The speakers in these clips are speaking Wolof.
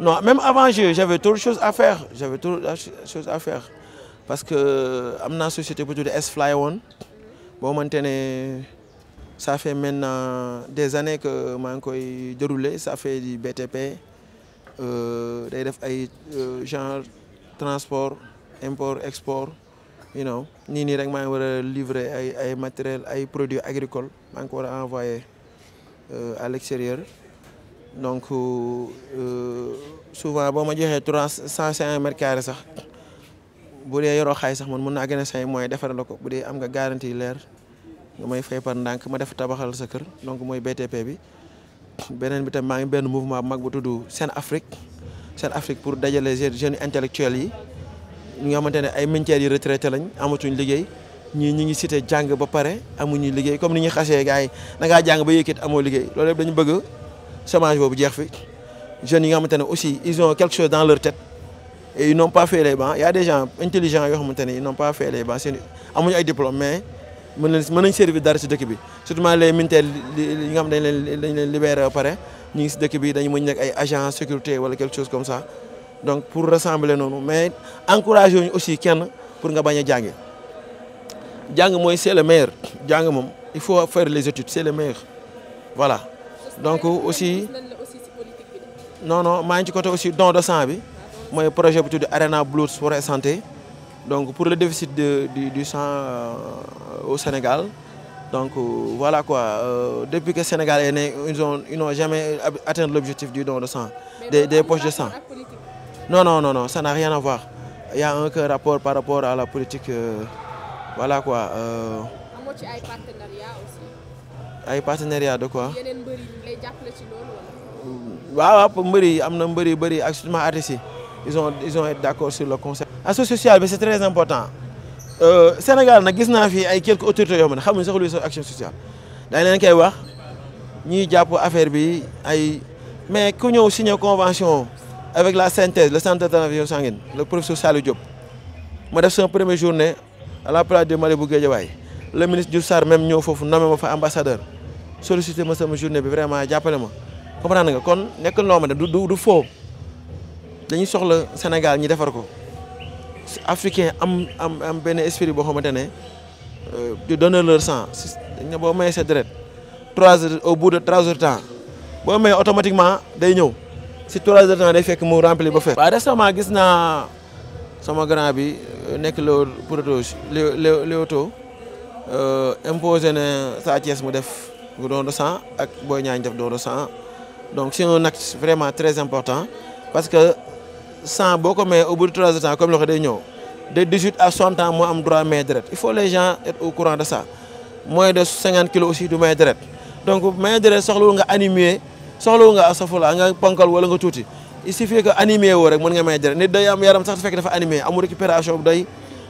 Non, même avant, j'avais trop de choses à faire. J'avais trop de choses à faire. Parce que la société pour S-Fly One. Bon, maintenant, ça fait maintenant des années que je déroulé. Ça fait du BTP, euh, def ay euh, genre transport, import, export. You know, ni ni rek ma wara livrer ay ay matériel ay produits agricoles ma ko wara envoyer euh, à l'extérieur donc euh, souvent boo ma joxee trois cent cinq mètres carrés sax bu dee yoroo xaay sax man mun naa gën a say moyens defar la ko bu dee am nga garantie leer nga may fay par ndànk ma def tabaxal sa kër donc mooy BTP bi beneen bi tam maa ngi benn mouvement bu mag bu tudd seen Afrique seen Afrique pour dajale jeunes intellectuels yi ñi nga xamante ne ay militaires yi retraité lañ amatuñ liggéey ñii ñi ngi cité jàng ba pare amuñu liggéey comme ni ñuy xasee gars yi da jàn jàng amoo liggéey loolu yëpp bëgg chômage boobu jeex fi jeunes yi nga xamante ne aussi ils ont quelque chose dans leur tête et ils n'ont pas fait les bancs il y a des gens intelligents yoo xamante ne ils n'ont pas fait les bancs seen amuñu ay diplôme mais mën nañ mën nañ servir dara si dëkk bi surtout les militaires yi nga xam dañ leen dañ leen libéré ba pare ñu ngi si dëkk bi dañu mën nekk ay agent sécurité wala quelque chose comme ça donc pour rassembler noonu mais encouragé wuñu aussi kenn pour nga bañ a jàngi jàng mooy c'est le meilleur jàng moom il faut faire les études c'est le meilleur voilà donc aussi non non maa ngi ci aussi don de sang bi mooy projet bu tudd Arena Blood Sport et Santé donc pour le déficit de du du euh, au Sénégal donc euh, voilà quoi euh, depuis que Sénégal est né ils ont ils n'ont jamais atteint l'objectif du don de sang des des poches de sang non no non non ça n'a rien à voir il a un rapport par rapport à la politique voilà quoi. amoo ci ay partenariat aussi. ay partenariat de quoi. yeneen mbër waaw waaw mbër yi am na mbër yu bëri ak surtout artistes yi ils ont ils d'accord sur le concept. aspect social bi c'est très important euh, Sénégal nag gis naa fi ay quelques autorités yoo ma ne xam xamuñ sax luy sax action sociale dañ leen koy wax ñuy jàpp affaire bi ay mais ku ñëw signer convention avec la synthèse le centre de transfusion sanguine le professeur Saliou Diop ma def sama première journée à la place de Malibu Guédiawaye le ministre Diouf Sarr même ñëw foofu nommé ma fa ambassadeur. sollicité ma sama journée bi vraiment jàppale ma comprendre nga kon nekk loo ma ne du du faux dañuy soxla Sénégal ñi defar ko africain am am am benn esprit boo xamante ne euh, di donner leur sang dañ ne boo mayee sa deret trois au bout de trois heures temps boo mayee automatiquement day ñëw si trois heures temps day fekk mu rempli ba fekk. waaw récemment gis naa sama grand bi euh, nekk le Protos Léo Léoto euh, imposé na Sa Thiès mu def. don de sang ak Boy Niang def don de sang donc c'est un acte vraiment très important parce que sang boo ko mayee au bout de trois ans comme loxo de 18 à 60 ans moo am droit may deret il faut les gens être au courant de ça moins de 50 kilos aussi du may deret donc may deret soxlawul nga animé soxlawul nga asafula nga ponkal wala nga tuuti il suffit que animé woo rek mën nga may deret nit day am yaram sax su fekkee dafa animé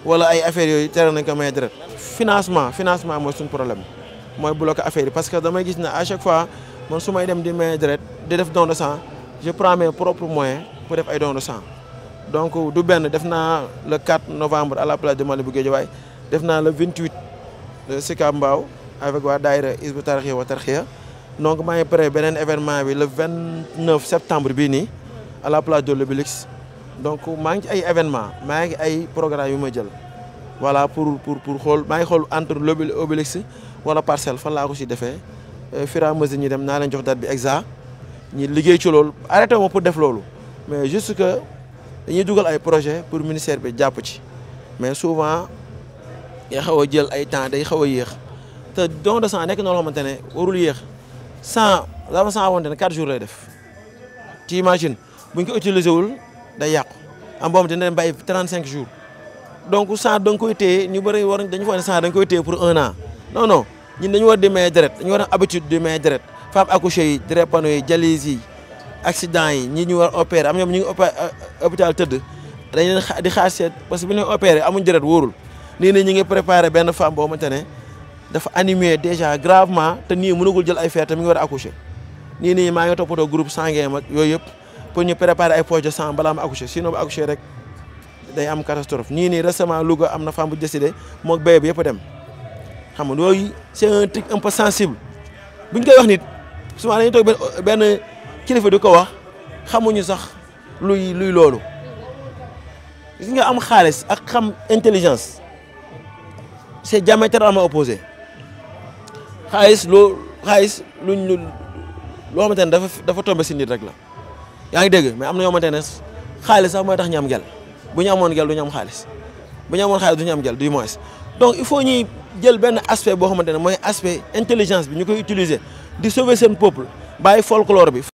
ay affaires yooyu tere nañ ko may financement financement mooy suñu problème mooy bloqué affaire yi parce que damay gis ne à chaque fois man su may dem di may deret di def don de sang je prends mes propres moyens pour def ay don de sang donc du benn def naa le quatre novembre à la place de Mali bu Guédiawaye def naa le 28 Sicap Mbao avec waa daayira Hizbut Tarqiyyah wa Tarqiyyah donc maa ngi pare beneen événement bi le 29 septembre bii nii à la place de l'Obélisque donc maa ngi ay événement maa ngi ay programme yu ma jël voilà pour pour pour xool maa ngi xool entre l'Obélisque wala parcelle fan laa ko si defee euh, fur et à ñi dem naa lañ jox date bi exact ñi liggéey ci loolu arrêté ma pour def loolu mais juste que dañuy dugal ay projet pour ministère bi jàpp ci mais souvent ya xaw a jël ay temps day xaw a yéex te don de sang nekk na loo xamante ne warul yéex sang dafa sang xamante ne quatre jours lay def ci imagine buñ ko utiliser wul day yàqu am boobu dina dem bàyyi trent cinq jours donc san da nga koy téye ñu bëri war dañu foog ne sang da pour un an non ñun dañu war di may deret dañu war am habitude di may deret femme accouchée yi drépano yi dialyse yi accident yi ñi war opérer am ñoom ñu ngi euh, euh, hôpital tëdd dañ leen di xaar seet parce que bu ñu opéré amuñ deret wóorul nii ne ñu ngi préparé benn femme boo xamante ne dafa animé déjà gravement te nii mënagul jël ay fer te mi ngi war a accoucher nii maa ngi toppatoo group sanguin mag yooyu yëpp pour ñu préparer ay poche de sang balaa ma accoucher sinon ba rek day am catastrophe nii nii récemment Louga am na femme bu décidé moog béy bi dem xam nga yooyu c'est un truc un koy wax nit souvent dañuy benn kilifa di ko wax xamuñu sax luy luy loolu gis nga am xaalis ak xam intelligence c'est diamétralement opposé xaalis loo xaalis luñ lu loo xamante ne dafa dafa tombé si nit rek la yaa ngi dégg mais am na yoo xamante xaalis sax mooy tax ñu am gel bu ñu amoon gel du ñu am xaalis bu ñu amoon xaalis du am jël du moins donc il faut ñuy jël benn aspect boo xamante ne mooy aspect intelligence bi ñu koy utiliser di sauver seen peuple bàyyi folklore bi.